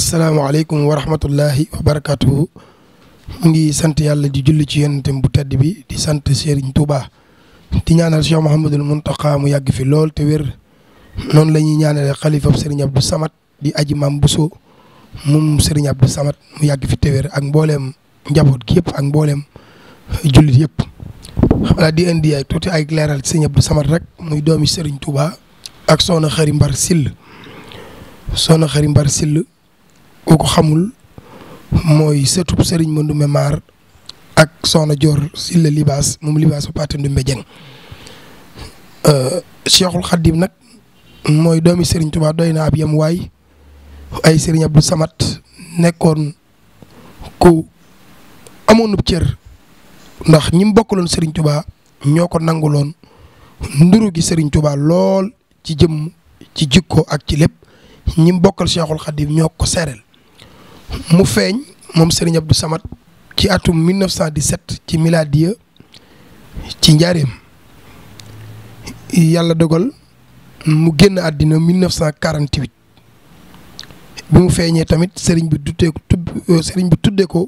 asalaamaaleykum wa rahmatullahi wa mu ngi sant yàlla di julli ci yonentam bu tedd bi di sant Serigne Touba di ñaanal Cheikh Mouhamadul Mountakha mu yàgg fi lool te wér noonu la ñuy ñaanale xalifab Serigne Abdou Samad di aji mam bu moom Serigne Abdou mu yàgg fi te wér ak mbooleem njaboot gi yëpp ak mbooleem jullit yëpp. di indi tuuti ay leeral Serigne Abdou rek muy doomi Serigne Touba ak Soxna Xari Mbar Sill Soxna Xari Mbar Sill koo xamul mooy sëtub Serigne Mandoumbe Maar ak Soxna Dior Sylla Libaas moom Libaas ba Pathé Ndoumbe Dieng euh, Cheikhul Khadim nag mooy doomi Serigne Touba doy na ab yem waay ay Serigne Abdou samat nekkoon ku amoon ub cër ndax ñi mu bokkaloon Serigne Touba ñoo ko nanguloon nduru gi sëriñ Touba lool ci jëmm ci jikko ak ci lépp ñi mu bokkal Cheikhul Khadim ñoo ko sereel mu feeñ moom Serigne Abdou samat ci atum 1917 ci miladiya ci njaareem yàlla dogal mu génn àddina 1948 bi mu feeñee tamit Serigne bi tuddee ko euh, bi tuddee ko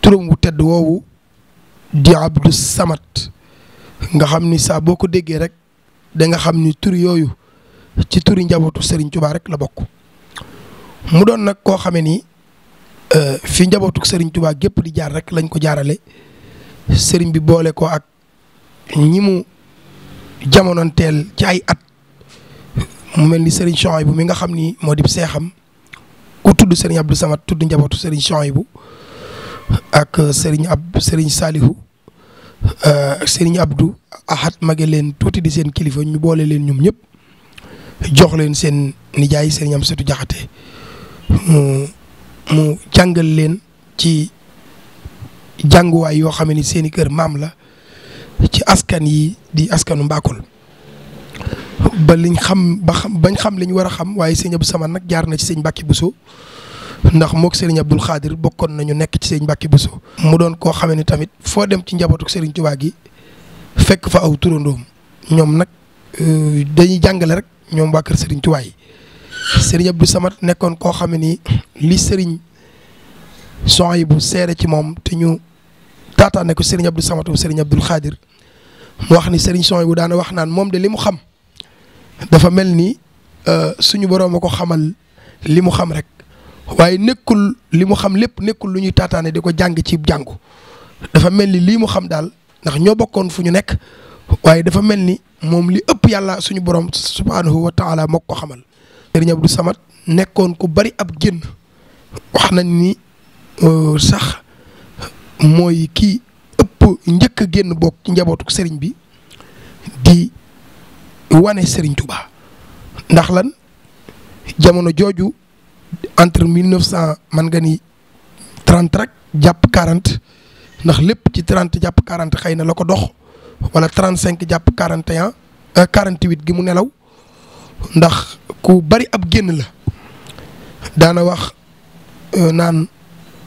turam wu tedd woowu di Abdou Samad nga xam ni saa boo ko déggee rek danga xam ni tur yooyu ci turi njabootu Serigne Touba rek la bokk. mu doon nag koo xamee ni euh, fi njabootuk sëriñ Tuubaa gépp di jaar rek lañ ko jaarale sëriñ bi boole ko ak ñimu mu ci ay at mu mel ni sëriñ Souhaïbou mi nga xam ni moo di seexam ku tudd sëriñ Abdou Samad tudd njabootu sëriñ bu ak euh, sëriñ ab sëriñ Salihu euh, sëriñ Abdou ahat mage leen tuuti di seen kilifa ñu boole leen ñoom ñëpp jox leen seen nijaay sëriñ Amsatu Jaxate mu mu jàngal leen ci jànguwaay yoo xam ni seeni kër maam la ci askan yi di askanu Mbakol ba liñ xam ba xam bañ xam liñ war a xam waaye sëñ Abdou Samane nag jaar na ci sëñ bu Bousso ndax moog sëriñ Abdoul Khadir bokkoon nañu nekk ci sëñ Mbacke Bousso. mu doon koo xamee ni tamit foo dem ci njabootu sëriñ Tuubaa gi fekk fa aw turandoom ñoom nag euh, dañuy jàngale rek ñoom waa kër sëriñ Tuubaa yi Serigne Abdou samat nekkoon koo xam ne nii li Serigne bu seere ci moom te ñu taataane ko Serigne Abdou Samad ou Serigne Abdoul Khadir mu wax ni Serigne Souhaïbou daana wax naan moom de li mu xam dafa mel ni euh, suñu borom ko xamal li mu xam rek waaye nekkul li mu xam lépp nekkul lu ñuy taataane di ko jàng ci jàngu dafa mel ni lii mu xam daal ndax ñoo bokkoon fu ñu nekk waaye dafa mel ni moom li ëpp yàlla suñu borom subhaanahu wa taala moo ko xamal Serigne Abdou samat nekkoon ku bari ab génn wax nañ ni euh, sax mooy kii ëpp njëkk a génn bokk ci njabootu sëriñ bi di wane Serigne Touba ndax lan jamono jooju entre mille neuf cent man nga ni trente rek jàpp quarante ndax lépp ci trente jàpp quarante xëy na la ko dox wala trente cinq jàpp quarante et euh, quarante huit gi mu nelaw ndax. ku bari ab génn la daana wax euh, naan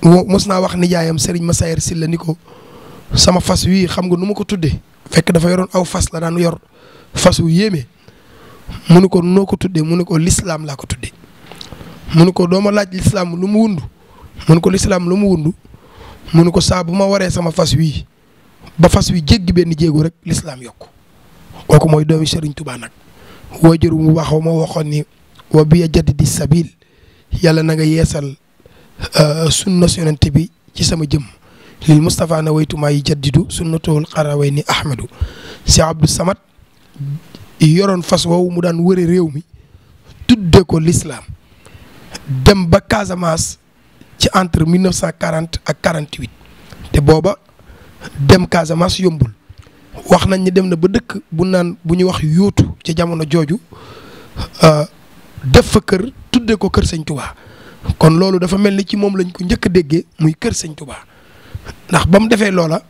mos naa wax nijaayam Serigne Massayer Sylla ni ko sama fas wii xam nga nu ma ko tuddee fekk dafa yoroon aw fas la daan yor fas wu yéeme mu ne ko noo ko tuddee mu ne ko lislaam laa ko tuddee mu ne ko doo ma laaj lislaam lu mu wundu mu ni ko lislaam lu mu wundu mu ne ko saa bu ma waree sama fas wii ba fas wi jéggi benn jéego rek lislaam yokk kooku mooy doomi Serigne Touba nag waajur mu baax ma waxoon ni wa biya jaddi sabil yàlla na nga yeesal euh, sunna yonent bi ci sama jëm lil Moustapha na waytu maa yi jaddidu sunnatuhul xaraway ni Ahmadu si Abdou Samad yoroon fas woowu mu daan wëre réew mi tudde ko l'islam dem ba Casamance ci entre 1940 ak 48 te booba dem Casamance yombul. wax nañ ni dem na ba dëkk bu naan bu ñuy wax yóotu ci jamono jooju euh, def fa kër tuddee ko kër sëñ Touba kon loolu dafa mel ni ci moom lañ ko njëkk a déggee muy kër sëñ Touba ndax ba mu defee loola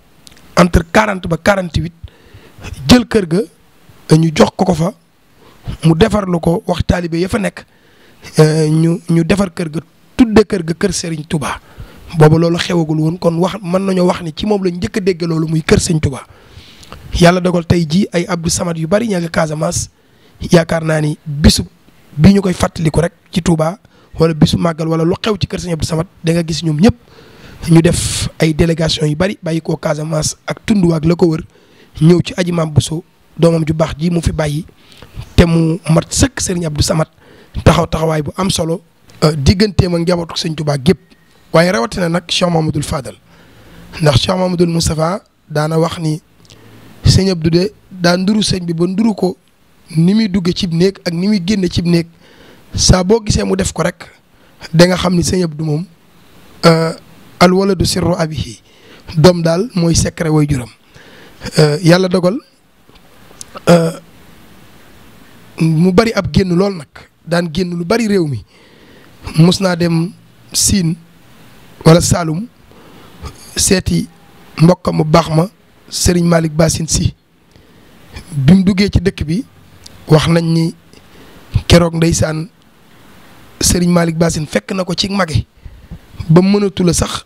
entre quarante ba quarante-huit jël kër ga ñu jox ko ko fa mu defar ko wax taalibe ya fa nekk euh, ñu ñu defar kër ga tuddee kër ga kër Serigne Touba booba loolu xewagul woon kon wax mën nañoo wax ni ci moom lañ njëkk a loolu muy kër sëñ Touba. yàlla dogal tey jii ay Abdou Samad yu bari ña nga Casamance yaakaar naa ni bisu bi ñu koy fàttaliku rek ci Touba wala bisu màggal wala lu xew ci kër sëñ Abdou Samad da nga gis ñoom ñëpp ñu def ay délégation yu bari bàyyi koo Casamance ak tundu ak la ko wër ñëw ci aji maam Bousso doomam ju baax ji mu fi bàyyi te mu mat sëkk sëriñ Abdou Samad taxaw taxawaay bu am solo euh, digganteem ak njabootu sëñ Touba gépp waaye rawatina nag Cheikh Mamadou Fadal ndax Cheikh Mamadou wax ni. sëñ du de daa nduru sëñ bi ba nduru ko ni muy dugge cib néeg ak ni muy génne cib néeg saa boo gisee mu def ko rek danga xam ni sëñ du moom euh, al waladu sirru abihi doom daal mooy secret way juram euh, yàlla dogal euh, mu bari ab génn lool nag daan génn lu bari réew mi mos naa dem siin wala Saalum seeti mbokkam mu baax ma sëriñ Malick Bassine si bi mu duggee ci dëkk bi wax nañ ni keroog ndeysaan sëriñ malik Bassine fekk na ko ci mage ba mënatu la sax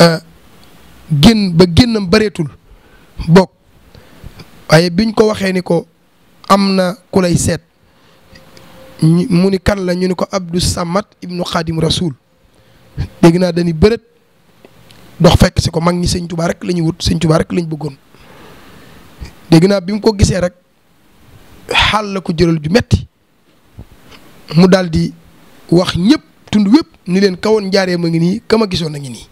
euh, génn ba génnam bareetul bokk waaye biñ ko waxee ni ko am na ku lay seet mu ni kan la ñu ni ko Abdou Samad ibnu Xaadim Rasoul dégg naa dañuy bërët ndox fekk si ko mag ñi sëñ Tuubaa rek la ñuy wut sëñ Tuubaa rek la bëggoon dégg naa bi mu ko gisee rek xaal la ko jëral ju metti mu daldi wax ñëpp tund wépp ni leen kawoon njaaree ma ngi nii kama gisoon na ngi nii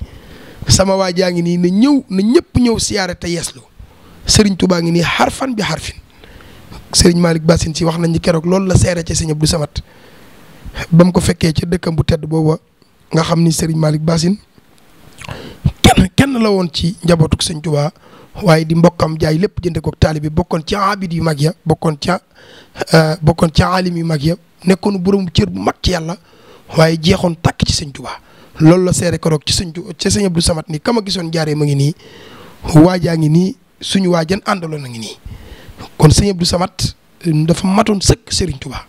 sama waa jaa ngi nii na ñëw na ñëpp ñëw siyaare te yeeslu sëriñ Tuubaa ngi nii xarfan bi xarfin sëriñ Malick Bassine si wax nañ ni keroog loolu la seere ci sëñ Abdou samat bam ko fekkee ca dëkkam bu tedd booba nga xam ni sëriñ Malick Bassine kenn la woon ci njabootuk sëñ Tuubaa waaye di mbokkam jaay lépp jënde ko taalibe bokkoon ci abid yu mag ya bokkoon ca euh, bokkoon ca alim yu mag ya nekkoon borom cër bu mag ci yàlla waaye jeexoon takk ci sëñ Tuubaa loolu la seere ko roog ci sëñ ci sëñ Abdou Samad nii kama gisoon jaaree ma ngi nii waajaa ngi nii suñu waajan àndaloon a ngi nii kon sëñ Abdou Samad euh, dafa matoon sëkk Serigne Touba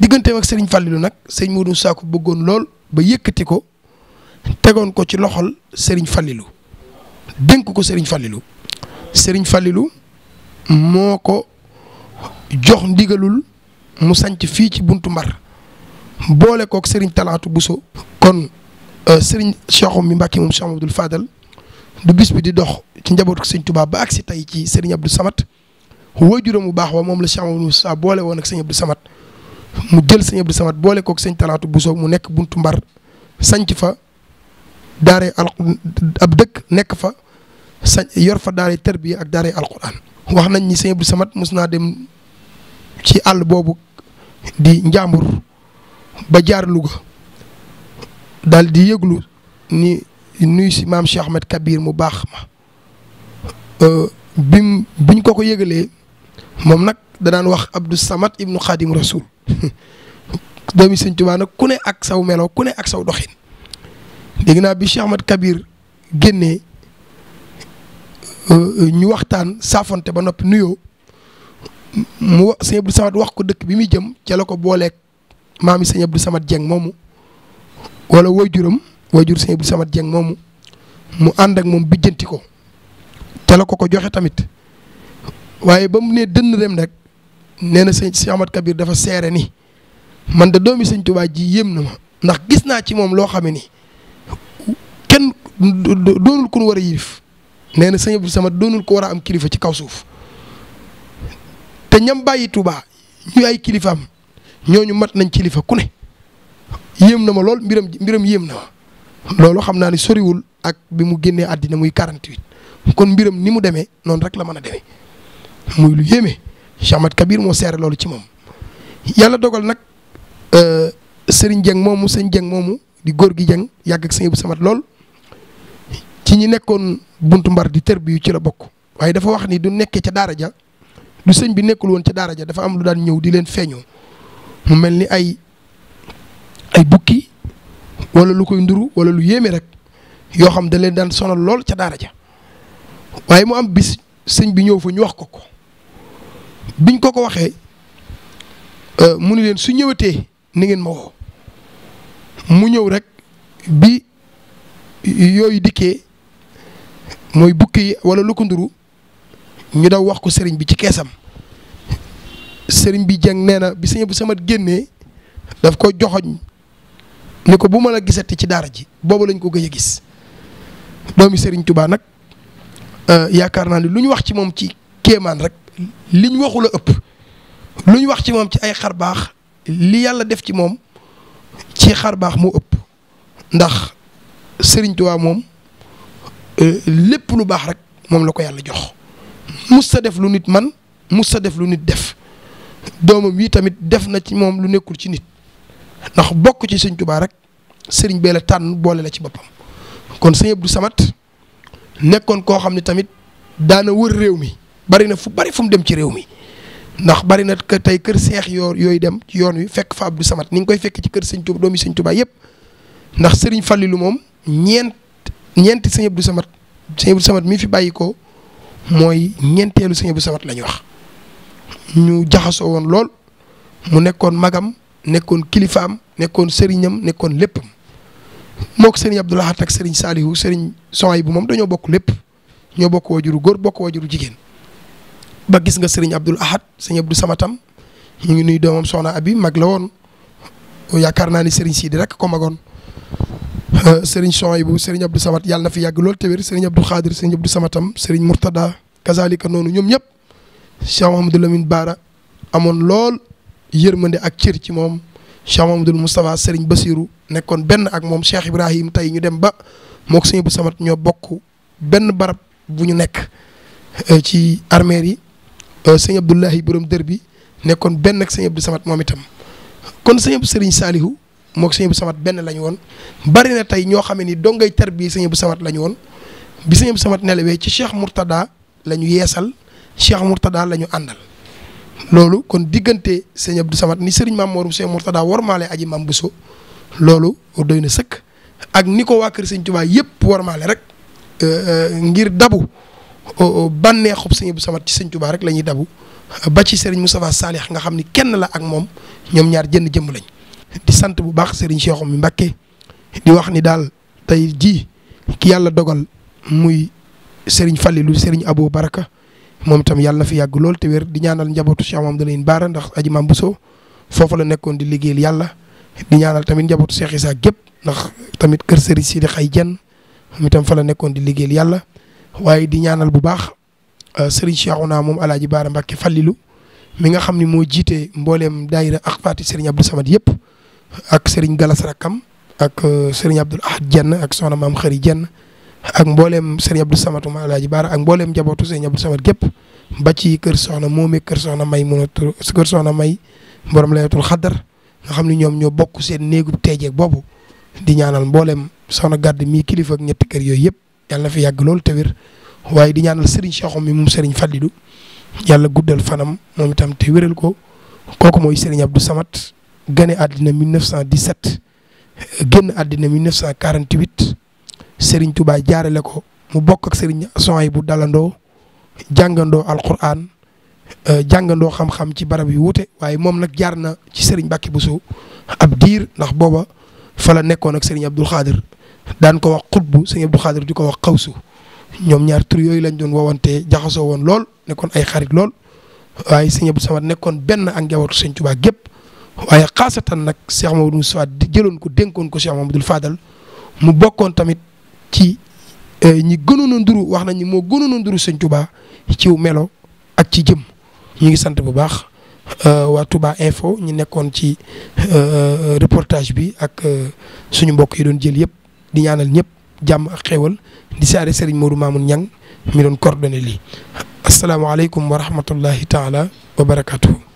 digganteem ak Serigne nag sëñ Modou Sakho bëggoon lool ba yëkkati ko tegoon ko ci loxol sëriñ Fallilou dénk ko sëriñ Fallilou sëriñ falilu moo ko jox ndigalul mu sanc fii ci buntu Mbar boole kook Serigne Talaatu Bousso kon euh, sëriñ Cheikh mi Mbàkke moom Cheikh Abdoul Fadal du bis bi di dox ci njabootu Sëñ Tuubaa ba si tey ci Serigne Abdou Samad waajuram bu baax wa moom la Cheikh Abdoul saa boole woon ak Sëñ Abdou Samad mu jël Sëñ Abdou Samad boole kook Sëñ Talaatu Bousso mu nekk buntu Mbar sanc fa daaray al ab dëkk nekk fa sa yor fa daaray tarbiya ak daaray alquran wax nañ ni sëñ Abdou Samad mos naa dem ci àll boobu di njàmbur ba jaar Louga daal di yëglu ni nuyu si maam Cheikh Ahmed Kabir mu baax ma euh, bim biñ ko ko yëgalee moom nag danaan wax Abdou Samad ibnu Xadim Rasoul doomi sëñ Tuubaa nag ku ne ak saw meloo ku ne ak saw doxin dégg naa bi si Ahmad Kabir génnee euh, euh, ñu waxtaan saafonte ba noppi nuyoo mu wax sëñ Abdou Samad wax ko dëkk bi muy jëm ca la ko booleeg maami sëñ Abdou Samad Dieng moomu wala waajuram waajur sëñ Abdou Samad Dieng moomu mu ànd ak moom bijjanti ko ca la ko ko joxe tamit waaye ba mu nee dënn dem rek nee na sëñ Cheikh Ahmad Kabir dafa seere ni man de doomi sëñ Tuubaa ji yéem na ma ndax gis naa ci moom loo xam ne ni doonul ku nu war a yilif nee na sëñ Abdou Samad doonul ko war a am kilifa ci kaw suuf te ñam bàyyi Touba ñu ay kilifaam ñooñu mat nañ kilifa ku ne yéem na ma lool mbiram mbiram yéem na ma loolu xam naa ni soriwul ak bi mu génnee àddina muy 48 kon mbiram ni mu demee noonu rek la mën a demee muy lu yéeme Cheikh Ahmad Kabir moo seere loolu ci moom yàlla dogal nag euh, Serigne Dieng moomu sëñ Dieng moomu di góor gi Dieng yàgg ak sëñ Abdou Samad lool. ci ñi nekkoon buntu mbar di tër bi ci la bokk waaye dafa wax ni du nekke ca daara ja du sëñ bi nekkul woon ca daara ja dafa am lu daan ñëw di leen feeñoo mu mel ni ay ay bukki wala lu koy nduru wala lu yéeme rek yoo xam da leen daan sonal lool ca daara ja waaye mu am bis sëñ bi ñëw fa ñu wax ko ko biñ ko ko waxee euh, mu ni leen su ñëwetee ni ngeen ma woo mu ñëw rek bi yooyu dikkee mooy bukki yi wala lu ko ñu daw wax ko sëriñ bi ci keesam sëriñ bi jàng nee na bi sëñ bu sama génnee daf ko joxoñ ni ko bu ma a gisati ci daara ji boobu lañ ko gëj a gis doomi sëriñ tubaa nag euh, yaakaar naa ni lu ñu wax ci moom ci kéemaan rek li ñu waxul ëpp lu ñu wax ci moom ci ay xar baax li yàlla def ci moom ci xar baax moo ëpp ndax sëriñ tubaa moom Euh, lépp lu baax rek moom la ko yàlla jox mus sa def lu nit man mus sa def lu nit def doomam yi tamit def na ci moom lu nekkul ci nit ndax bokk ci sëñ Tuubaa rek sëriñ bee la tànn boole la ci boppam kon sëñ Abdou samat nekkoon koo xam ne tamit daana wër réew mi bari na fu bari fu mu dem ci réew mi ndax bari na tey kër seex yoo yooyu dem ci yoon wi fekk fa Abdou samat ni nga koy fekk ci kër sëñ Tuubaa doomi sëñ yëpp ndax sëriñ Fallilu moom ñeent ñeenti sëñ Abdou Samad sëñ mi fi bàyyi mooy ñeenteelu sëñ Abdou Samad la wax ñu jaxasoo woon lool mu nekkoon magam nekkoon kilifaam nekkoon sëriñam nekkoon léppam moo ko sëriñ Abdou Lahad ak sëriñ Saalihu sëriñ Sohaybu moom dañoo bokk lépp ñoo bokk wajuru góor bokk wajuru jigéen ba gis nga sëriñ Abdul Ahad sëñ Abdou Samatam ñu ngi nuy doomam soxna abi mag la woon yaakaar naa ni sëriñ Sidi rek ko magoon Serigne Souhaïbou Serigne Abdou Samad yàlla na fi yàgg loolu te wér Serigne Abdou Khadir Serigne Abdou Samatam Serigne Mourtada kazalika noonu ñoom ñëpp Cheikh Mouhamadou Lamine Bara amoon lool yërmande ak cër ci moom mu Mouhamadou Moustapha Serigne Bassirou nekkoon benn ak moom Cheikh Ibrahim tey ñu dem ba mook Serigne Abdou Samad ñoo bokk benn barab bu ñu nekk eh, ci armeer yi eh, Serigne Abdoulahi borom dër bi nekkoon benn ak Serigne Abdou Samad moom itam kon Serigne Serigne Salihu moog sëñ bu samat benn lañu woon bari na tey ñoo xam ne ni dongay tarbiya sëñ bu samat lañu woon bi sëñ bu samat nelawee ci Cheikh Mourtada la ñu yeesal Cheikh Mourtada la ñu àndal loolu kon diggante sëñ Abdou Samat ni sëriñ maam Mor Cheikh Mourtada warmaale aji maam so loolu doy na sëkk ak ni ko waa kër sëñ Tuubaa yëpp warmaale rek euh, euh, ngir dabu bànneexub sëñ Abdou Samat ci sëñ tubaa rek la ñuy dabu ba ci sëriñ Moustapha Saalix nga xam ni kenn la ak moom ñoom ñaar jënd jëmm lañ di sant bu baax Serigne Cheikh mi di wax ni daal tey ji yàlla dogal muy Serigne Fallilou Serigne Abou Baraka moom tam yàlla fi yàgg lool te wér di ñaanal njabootu Cheikh Mamadou Lamine Bara ndax aji maam Bousso foofu la nekkoon di liggéeyal yàlla di ñaanal tamit njabootu Cheikh Issa gépp ndax tamit kër Serigne Sidi Xay Jenn itam fa nekkoon di liggéeyal yàlla waaye di ñaanal bu baax euh, Serigne Cheikhouna moom Alaaji Bara Mbacké Fallilou mi nga xam ni moo jiite mbooleem daayira ak faati Serigne Abdou Samad yëpp ak Serigne Galas Rakam ak euh, Serigne Abdoul Ahad Jenn ak soxna maam Xëri Jenn ak mbooleem Serigne Abdou Samad ma Alaaji Baara ak mbooleem njabootu Serigne Abdou Samad gépp ba ci kër soxna Moome kër soxna May munatu kër soxna May borom layatul xaddar nga xam ne ñoom ñoo bokk seen néegu teejeeg boobu di ñaanal mbooleem soxna gàdd mii kilifa ñetti kër yooyu yëpp yàlla fi yàgg loolu te waaye di ñaanal Serigne Cheikh mi moom Serigne du yàlla guddal fanam moom itam te wéral ko kooku mooy Serigne Abdou samat gane àddina 1917 génn àddina 1948 Serigne Touba jaarale ko mu bokk ak Serigne Sohay bu dalandoo jàngandoo alquran euh, jàngandoo xam-xam ci barab yu wuute waaye moom nag jaar na ci Serigne bu Bousso ab diir ndax booba fa la nekkoon ak Serigne Abdoul Khadir daan ko wax xutbu Serigne Abdoul Khadir di ko wax xawsu ñoom ñaar tur yooyu lañ doon wowante jaxasoo woon lool nekkoon ay xarit lool waaye Serigne Abdou Samad nekkoon benn ak njabootu Serigne tubaa gépp waaye xaasatan nag Cheikh Mamadou Moustapha di jëloon ko dénkoon ko Cheikh Mamadou Fadal mu bokkoon tamit ci eh, ñi gënoon a wax nañ ni moo gënoon a nduru sëñ Touba ci melo ak ci jëm ñu ngi sant bu baax eh, waa Touba info ñi nekkoon ci eh, reportage bi ak suñu mbokk yi doon jël yëpp di ñaanal ñëpp jàmm ak xéewal di saare Serigne Modou Mamoun Niang mi doon coordonné lii asalaamaaleykum wa rahmatullahi taala wa barakaatu.